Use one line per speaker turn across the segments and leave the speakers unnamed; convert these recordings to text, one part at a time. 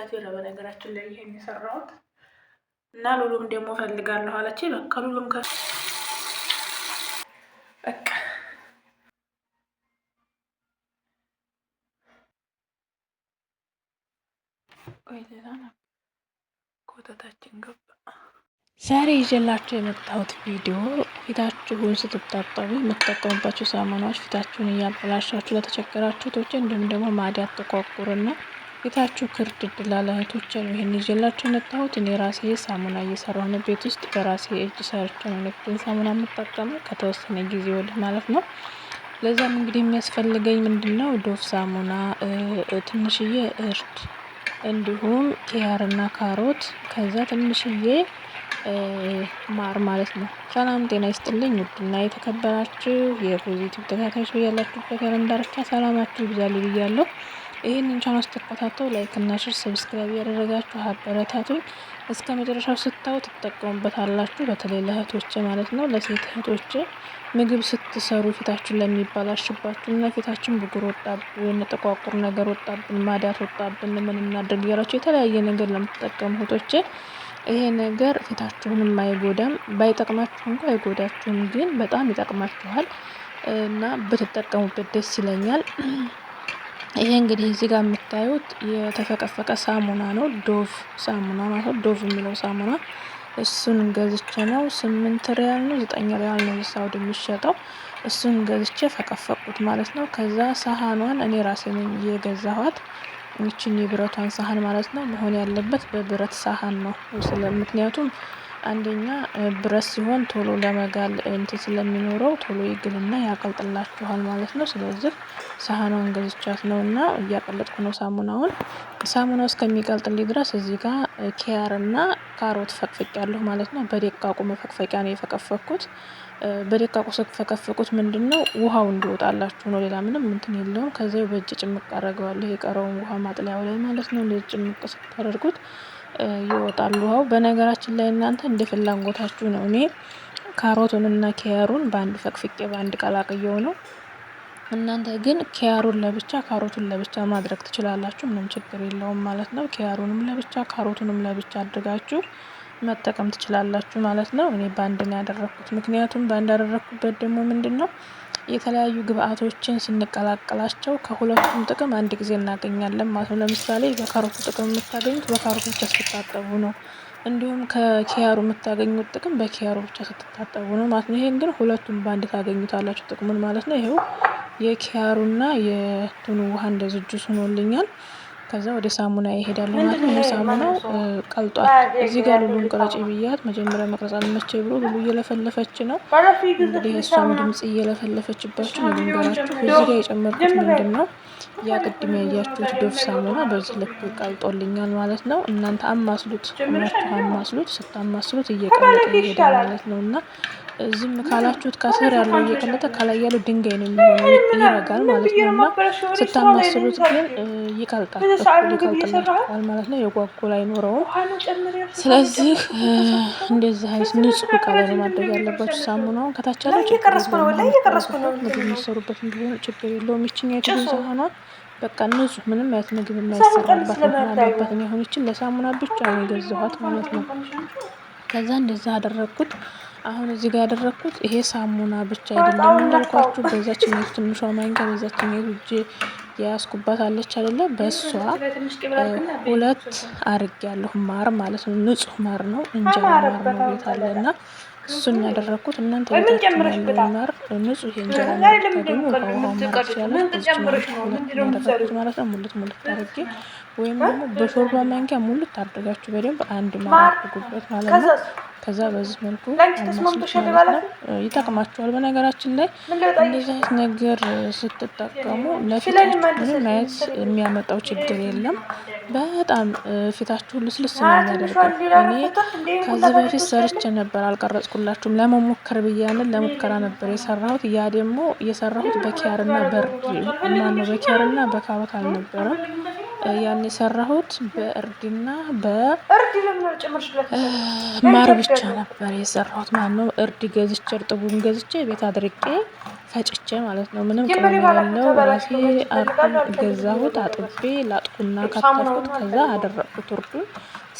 አባቴ ነው በነገራችን ላይ ይሄን የሰራሁት እና ሉሉም ደግሞ ፈልጋለሁ አለች። በቃ ሉሉም ከ በቃ ገባ። ዛሬ ይዤላችሁ የመጣሁት ቪዲዮ ፊታችሁን ስትታጠቡ የምትጠቀሙባቸው ሳሙናዎች ፊታችሁን እያበላሻችሁ ለተቸገራችሁ ቶች እንዲሁም ደግሞ ማዲያት ተቋቁርና ቤታችሁ ክርድድ ላለ እህቶች ነው ይህን ይዤላችሁ የመጣሁት። እኔ ራሴ ሳሙና እየሰራሁ ነው ቤት ውስጥ በራሴ እጅ ሰርቼ ነው ነፍትን ሳሙና የምጠቀመው ከተወሰነ ጊዜ ወዲህ ማለት ነው። ለዛም እንግዲህ የሚያስፈልገኝ ምንድን ነው ዶፍ ሳሙና፣ ትንሽዬ እርድ፣ እንዲሁም ኪያርና ካሮት ከዛ ትንሽዬ ማር ማለት ነው። ሰላም ጤና ይስጥልኝ ውድና የተከበራችሁ የፖዚቲቭ ተከታታዮች፣ ብያላችሁበት ያለም ዳርቻ ሰላማችሁ ይብዛልኝ ብያለሁ። ይህንን ቻናል ስትከታተው ላይክ እና ሽር ሰብስክራይብ ያደረጋችሁ አበረታቱኝ። እስከ መጨረሻው ስታው ትጠቀሙበታላችሁ። በተለይ ለእህቶች ማለት ነው፣ ለሴት እህቶች ምግብ ስትሰሩ ፊታችሁን ለሚባላሽባችሁ እና ፊታችን ብጉር ወጣብን፣ ጥቋቁር ነገር ወጣብን፣ ማዳት ወጣብን፣ ምን እናደርግ እያላችሁ የተለያየ ነገር ለምትጠቀሙ እህቶች ይሄ ነገር ፊታችሁንም አይጎዳም። ባይጠቅማችሁ እንኳ አይጎዳችሁም፣ ግን በጣም ይጠቅማችኋል እና ብትጠቀሙበት ደስ ይለኛል። ይሄ እንግዲህ እዚህ ጋር የምታዩት የተፈቀፈቀ ሳሙና ነው። ዶቭ ሳሙና ማለት ነው። ዶቭ የሚለው ሳሙና እሱን ገዝቼ ነው ስምንት ሪያል ነው ዘጠኝ ሪያል ነው ሳውዲ የሚሸጠው። እሱን ገዝቼ ፈቀፈቁት ማለት ነው። ከዛ ሳህኗን እኔ ራሴ ነኝ የገዛኋት ይችን የብረቷን ሳህን ማለት ነው። መሆን ያለበት በብረት ሳህን ነው። ምክንያቱም አንደኛ ብረት ሲሆን ቶሎ ለመጋል እንትን ስለሚኖረው ቶሎ ይግልና ያቀልጥላችኋል ማለት ነው። ስለዚህ ሳህኗን ገዝቻት ነው እና እያቀለጥኩ ነው ሳሙናውን። ሳሙናው እስከሚቀልጥልኝ ድረስ እዚህ ጋር ኪያር እና ካሮት ፈቅፍቄያለሁ ማለት ነው። በደቃቁ መፈቅፈቂያ ነው የፈቀፈኩት። በደቃቁ ስፈቀፍቁት ምንድን ነው ውሃው እንዲወጣላችሁ ነው። ሌላ ምንም እንትን የለውም። ከዚያው በእጅ ጭምቅ አረገዋለሁ የቀረውን ውሃ ማጥለያው ላይ ማለት ነው። እንደዚህ ጭምቅ ስታደርጉት ይወጣል ውሃው። በነገራችን ላይ እናንተ እንደ ፍላጎታችሁ ነው። እኔ ካሮቱን እና ኪያሩን በአንድ ፈቅፍቄ በአንድ ቀላቅየው ነው። እናንተ ግን ኪያሩን ለብቻ ካሮቱን ለብቻ ማድረግ ትችላላችሁ። ምንም ችግር የለውም ማለት ነው። ኪያሩንም ለብቻ ካሮቱንም ለብቻ አድርጋችሁ መጠቀም ትችላላችሁ ማለት ነው። እኔ በአንድ ነው ያደረኩት። ምክንያቱም በአንድ ያደረኩበት ደግሞ ምንድን ነው የተለያዩ ግብአቶችን ስንቀላቀላቸው ከሁለቱም ጥቅም አንድ ጊዜ እናገኛለን ማለት ነው። ለምሳሌ በካሮቱ ጥቅም የምታገኙት በካሮቱ ብቻ ስትታጠቡ ነው። እንዲሁም ከኪያሩ የምታገኙት ጥቅም በኪያሩ ብቻ ስትታጠቡ ነው ማለት ነው። ይሄን ግን ሁለቱም በአንድ ታገኙታላችሁ ጥቅሙን ማለት ነው። ይሄው የኪያሩና የትኑ ውሃ እንደዝጁ ጁስ ሆኖልኛል። ከዛ ወደ ሳሙና ይሄዳል ማለት ነው። ሳሙናው ቀልጧል። እዚህ ጋር ሉሉን ቅረጭ ብያት መጀመሪያ መቅረጽ አልመቼ ብሎ ሉሉ እየለፈለፈች ነው እንግዲህ እሷም ድምፅ እየለፈለፈችባችሁ ነገራችሁ። እዚህ ጋር የጨመርኩት ምንድን ነው ያ ቅድም ያያችሁት ዶፍ ሳሙና በዚህ ልክ ቀልጦልኛል ማለት ነው። እናንተ አማስሉት ናችሁ አማስሉት። ስታማስሉት እየቀለጠ ይሄዳል ማለት ነው እና ዝም ካላችሁት ከስር ያለው እየቀለጠ ከላይ ያለው ድንጋይ ነው የሚሆነው፣ ይረጋል ማለት ነው። እና ስታማስሉት ግን ይቀልጣል ማለት ነው። የጓጉል አይኖረውም። ስለዚህ እንደዚህ አይነት ንጹህ እቃ ማድረግ ያለባችሁ ሳሙናውን ከታች ያለው ምግብ የሚሰሩበት ቢሆን ችግር የለውም። ይችኛ ችግር ሆኗል። በቃ ንጹህ ምንም አይነት ምግብ የማይሰራባት ምናለባት ሆን ይችን ለሳሙና ብቻ ነው የገዛኋት ማለት ነው። ከዛ እንደዛ አደረግኩት። አሁን እዚህ ጋር ያደረግኩት ይሄ ሳሙና ብቻ አይደለም እንዳልኳችሁ፣ በዛችኛው ትንሿ ማንኪያ በዛችኛው እጄ የያዝኩባት አለች አይደለ? በእሷ ሁለት አርግ ያለሁ ማር ማለት ነው፣ ንጹህ ማር ነው። እንጀራ ማር ነው ቤት አለ እና እሱን ያደረግኩት እናንተ ቤታችሁ ማር ንጹህ የእንጀራ ማር ደግሞ ውሃ ማለት ነው። ሙልት ሙለት አድርጌ ወይም ደግሞ በሾርባ ማንኪያ ሙሉ ታድርጋችሁ በደንብ አንድ ማርጉበት ማለት ነው። ከዛ በዚህ መልኩ ይጠቅማችኋል። በነገራችን ላይ እንደዚህ ነገር ስትጠቀሙ ለፊታችሁ ማየት የሚያመጣው ችግር የለም። በጣም ፊታችሁ ልስልስ ነው የሚያደርገው። እኔ ከዚህ በፊት ሰርቼ ነበር፣ አልቀረጽኩላችሁም። ለመሞከር ብያንን ለሙከራ ነበር የሰራሁት። ያ ደግሞ የሰራሁት በኪያርና በርድ ማነው በኪያርና በካሮት አልነበረም ያን የሰራሁት በእርድና በማር ብቻ ነበር የሰራሁት። ማለት ነው እርድ ገዝቼ እርጥቡን ገዝቼ ቤት አድርቄ ፈጭቼ ማለት ነው። ምንም ቅመም ያለው ራሴ ገዛሁት። አጥቤ ላጥኩና ከተፍኩት። ከዛ አደረቅኩት እርዱን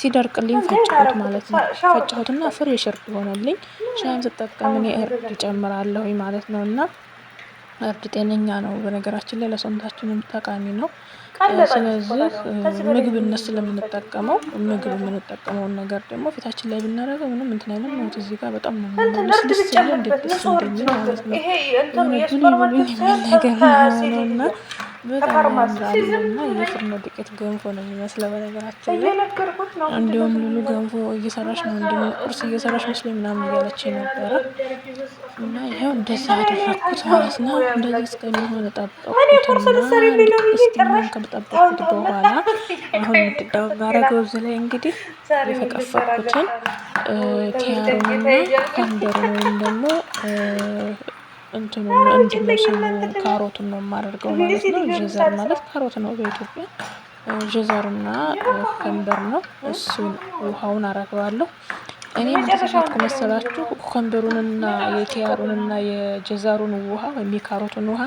ሲደርቅልኝ ፈጭሁት ማለት ነው። ፈጨሁትና ፍሬሽ እርድ ሆነልኝ። ሻይም ስጠቀም እኔ እርድ ጨምራለሁ ማለት ነው። እና እርድ ጤነኛ ነው። በነገራችን ላይ ለሰውነታችንም ጠቃሚ ነው። ስለዚህ ምግብ ምግብነት ስለምንጠቀመው ምግብ የምንጠቀመውን ነገር ደግሞ ፊታችን ላይ ብናደርገው ምንም እንትን አይልም ማለት እዚህ ጋር በጣም ነው ስልስ ያለ እንዴት ደስ እንደሚል ማለት ነው። ነገር ነው እና በጣም የፍርኖ ዱቄት ገንፎ ነው የሚመስለው። በነገራችን ላይ እንዲሁም ሉሉ ገንፎ እየሰራች ነው፣ እንዲሁም ቁርስ እየሰራች መስሎኝ ምናምን እያለች ነበረ እና ይኸው እንደዚህ አደረግኩት ማለት ነው። እንደዚህ እስከሚሆን ጠበቅኩትና ከጠበቅኩት በኋላ አሁን ምድዳው ባረገው እዚህ ላይ እንግዲህ የተቀፈኩትን ኪያሩንና ኮምበሩን ወይም ደግሞ እንትኑ ካሮቱን ነው የማደርገው ማለት ነው። ዥዘር ማለት ካሮት ነው በኢትዮጵያ ዥዘርና ከንበር ነው። እሱን ውሃውን አረገዋለሁ። እኔ ምንድነው መሰላችሁ ኮንበሩንና የኪያሩንና የጀዛሩን ውሃ ወይም የካሮቱን ውሃ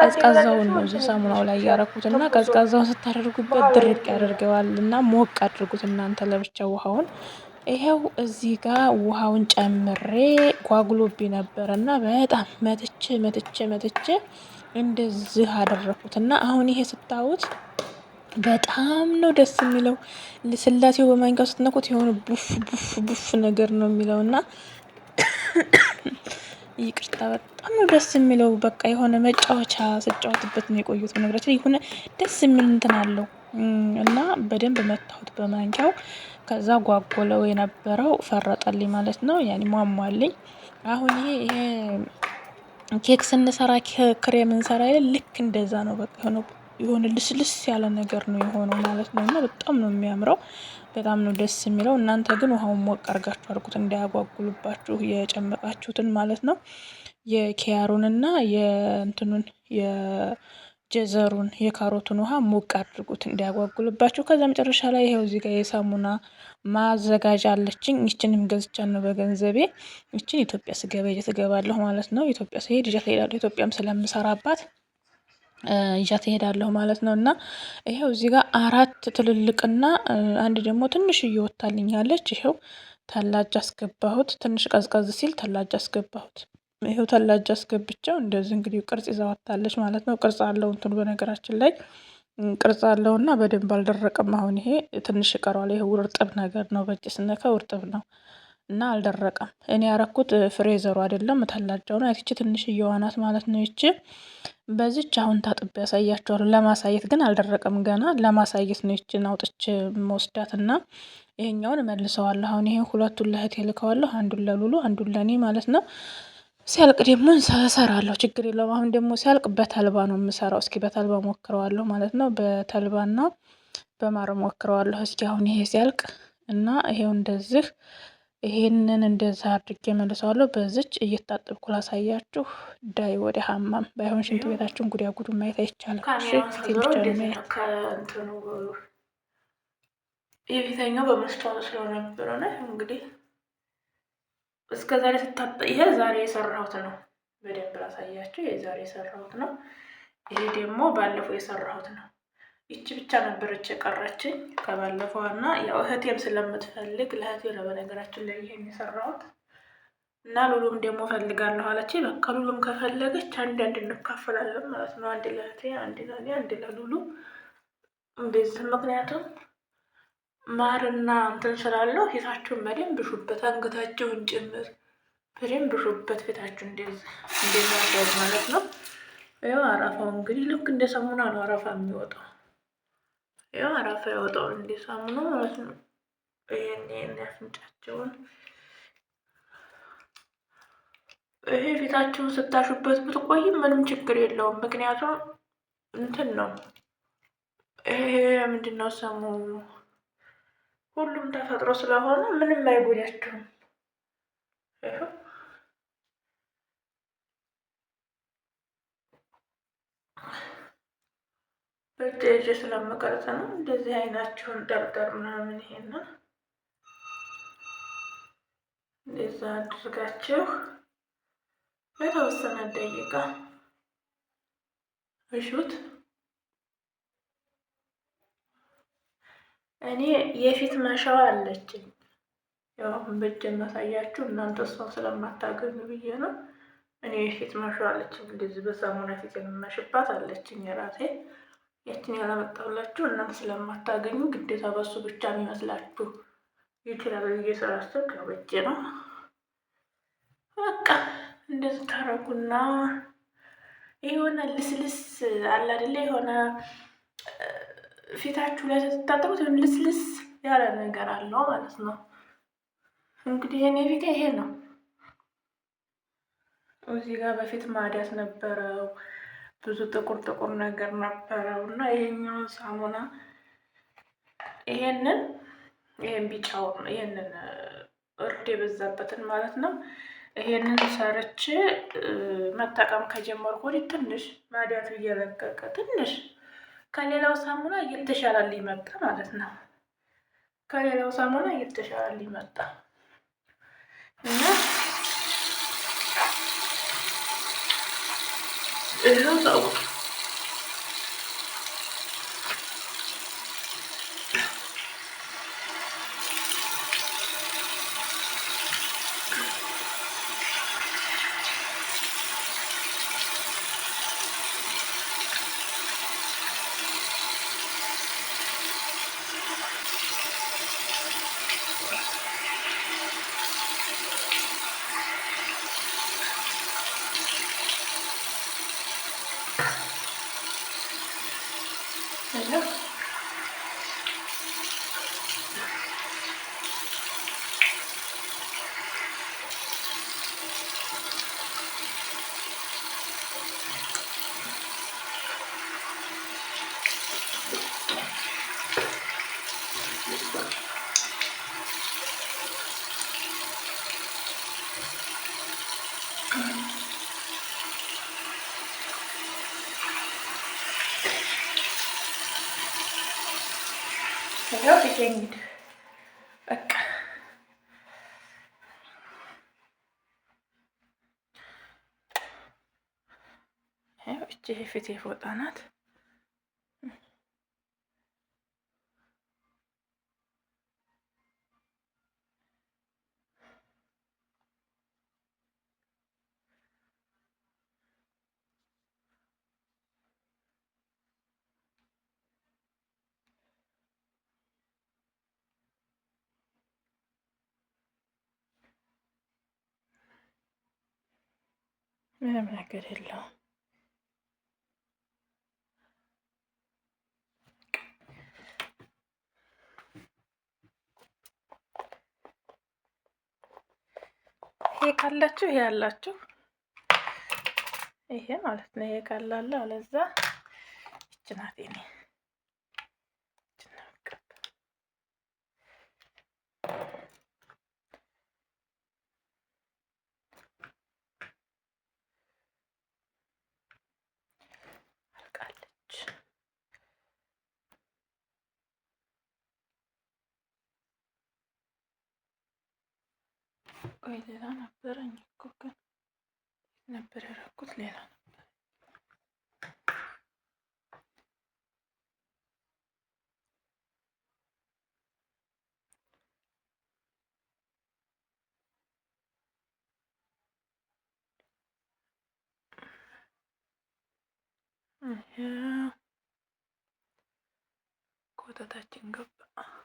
ቀዝቃዛውን ነው ሳሙናው ላይ ያረኩትና ቀዝቃዛውን ስታደርጉበት ድርቅ ያደርገዋል እና ሞቅ አድርጉት እናንተ ለብቻ ውሃውን ይሄው እዚህ ጋር ውሃውን ጨምሬ ጓጉሎቢ ነበር እና በጣም መትቼ መትቼ መትቼ እንደዚህ አደረኩት እና አሁን ይሄ ስታዩት በጣም ነው ደስ የሚለው። ስላሴው በማንኪያው ስትነኩት የሆነ ቡፍ ቡፍ ቡፍ ነገር ነው የሚለው እና ይቅርታ በጣም ነው ደስ የሚለው። በቃ የሆነ መጫወቻ ስጫወትበት ነው የቆዩት። በነገራችን የሆነ ደስ የሚል እንትን አለው እና በደንብ መታሁት በማንኪያው ከዛ ጓጎለው የነበረው ፈረጠልኝ ማለት ነው። ያኒ ሟሟልኝ። አሁን ይሄ ይሄ ኬክ ስንሰራ ክሬም እንሰራ ልክ እንደዛ ነው። በቃ የሆነ የሆነ ልስልስ ያለ ነገር ነው የሆነው ማለት ነው። እና በጣም ነው የሚያምረው፣ በጣም ነው ደስ የሚለው። እናንተ ግን ውሃውን ሞቅ አርጋችሁ አርጉት እንዳያጓጉልባችሁ የጨመቃችሁትን ማለት ነው። የኪያሩንና የእንትኑን ጀዘሩን የካሮቱን ውሃ ሞቅ አድርጉት እንዲያጓጉልባችሁ። ከዛ መጨረሻ ላይ ይኸው እዚህ ጋር የሳሙና ማዘጋጃ አለችኝ። ይችንም ነው በገንዘቤ። ይችን ኢትዮጵያ ስገባ ይዣት እገባለሁ ማለት ነው። ኢትዮጵያ ስሄድ ይዣት እሄዳለሁ። ኢትዮጵያም ስለምሰራባት ይዣት እሄዳለሁ ማለት ነው። እና ይኸው እዚህ ጋር አራት ትልልቅና አንድ ደግሞ ትንሽ እየወታልኛለች። ይኸው ተላጅ አስገባሁት። ትንሽ ቀዝቀዝ ሲል ተላጅ አስገባሁት። ይሄው ተላጅ አስገብቸው እንደዚህ እንግዲህ ቅርጽ ይዘዋታለች ማለት ነው። ቅርጽ አለው እንትን በነገራችን ላይ ቅርጽ አለው እና በደንብ አልደረቀም። አሁን ይሄ ትንሽ ይቀረዋል። ይሄ እርጥብ ነገር ነው፣ በእጅ ስነካ እርጥብ ነው እና አልደረቀም። እኔ ያረኩት ፍሬዘሩ አይደለም ተላጃው ነው። ያቺ ትንሽየዋ ናት ማለት ነው። ይቺ በዚች አሁን ታጥቤ ያሳያቸዋለሁ። ለማሳየት ግን አልደረቀም ገና። ለማሳየት ነው ይችን አውጥቼ መወስዳት እና ይሄኛውን መልሰዋለሁ። አሁን ይሄን ሁለቱን ለእህቴ ልከዋለሁ። አንዱን ለሉሉ፣ አንዱን ለእኔ ማለት ነው። ሲያልቅ ደግሞ ሰራለሁ፣ ችግር የለውም። አሁን ደግሞ ሲያልቅ በተልባ ነው የምሰራው። እስኪ በተልባ ሞክረዋለሁ ማለት ነው። በተልባና በማር ሞክረዋለሁ። እስኪ አሁን ይሄ ሲያልቅ እና ይሄው እንደዚህ ይሄንን እንደዛ አድርጌ መልሰዋለሁ። በዚች እየታጠብኩ ላሳያችሁ። ዳይ ወደ ሀማም ባይሆን ሽንት ቤታችሁን ጉዲያ ጉዱ ማየት አይቻልም። የፊተኛው በመስታወት ስለሆነ ነበረ እንግዲህ እስከ ዛሬ ስታጠ ይሄ ዛሬ የሰራሁት ነው። በደንብ ላሳያችሁ። ይሄ ዛሬ የሰራሁት ነው። ይሄ ደግሞ ባለፈው የሰራሁት ነው። ይቺ ብቻ ነበረች የቀረችኝ ከባለፈዋ እና ያው እህቴም ስለምትፈልግ ለእህቴ ነው በነገራችን ላይ ይሄን የሰራሁት እና ሉሉም ደግሞ ፈልጋለሁ አለች። በቃ ሉሉም ከፈለገች አንድ አንድ እንካፈላለን ማለት ነው። አንድ ለእህቴ፣ አንድ ለእኔ፣ አንድ ለሉሉ እንደዚህ ምክንያቱም ማርና እንትን ስላለው ፊታችሁን በደንብ ሹበት፣ አንገታችሁን ጭምር በደንብ ሹበት። ፊታችሁ እንደሚያሳዝ ማለት ነው። ይኸው አረፋው እንግዲህ ልክ እንደ ሳሙና ነው አረፋ የሚወጣው። ይኸው አረፋ ያወጣው እንደ ሳሙና ማለት ነው። ይሄን ይሄን ያፍንጫቸውን ይሄ ፊታችሁን ስታሹበት ብትቆይ ምንም ችግር የለውም። ምክንያቱም እንትን ነው ይሄ ምንድን ነው ሰሙ ሁሉም ተፈጥሮ ስለሆነ ምንም አይጎዳቸውም በእጅ ይዤ ስለምቀርጽ ነው እንደዚህ አይናቸውን ጠርጠር ምናምን ይሄና እንደዛ አድርጋቸው በተወሰነ ደቂቃ እሹት። እኔ የፊት መሻው አለችኝ። ያው በእጅ እናሳያችሁ እናንተ እሷን ስለማታገኙ ብዬ ነው። እኔ የፊት መሻው አለችኝ። እንደዚህ በሳሙና ፊት የምመሽባት አለችኝ የራሴ ያችን ያላመጣሁላችሁ እናንተ ስለማታገኙ ግዴታ በሱ ብቻ የሚመስላችሁ ይችላል ብዬ ስላሰብኩ ያው በእጄ ነው። በቃ እንደዚህ ታረጉና የሆነ ልስልስ አለ አይደለ የሆነ ፊታችሁ ላይ ስትታጠቡት ሆን ልስልስ ያለ ነገር አለው ማለት ነው። እንግዲህ እኔ ፊቴ ይሄ ነው። እዚህ ጋር በፊት ማዳት ነበረው፣ ብዙ ጥቁር ጥቁር ነገር ነበረው እና ይሄኛውን ሳሙና ይሄንን ይሄን ቢጫው ይሄንን እርድ የበዛበትን ማለት ነው ይሄንን ሰርቼ መጠቀም ከጀመርኩ ወዲህ ትንሽ ማዳቱ እየለቀቀ ትንሽ ከሌላው ሳሙና እየተሻላል ይመጣ ማለት ነው። ከሌላው ሳሙና እየተሻላል ይመጣ እና ይኸው ይመስለኝ በቃ ይቺ የፊት የፎጣ ናት። ምንም ነገር የለውም። ይሄ ካላችሁ ይሄ አላችሁ ይሄ ማለት ነው። ይሄ ካላለ አለዛ ይችናት ኔ ቆይ ሌላ ነበረኝ እኮ ግን ነበር ያደረኩት ሌላ ነበር። ኮተታችን ገባ።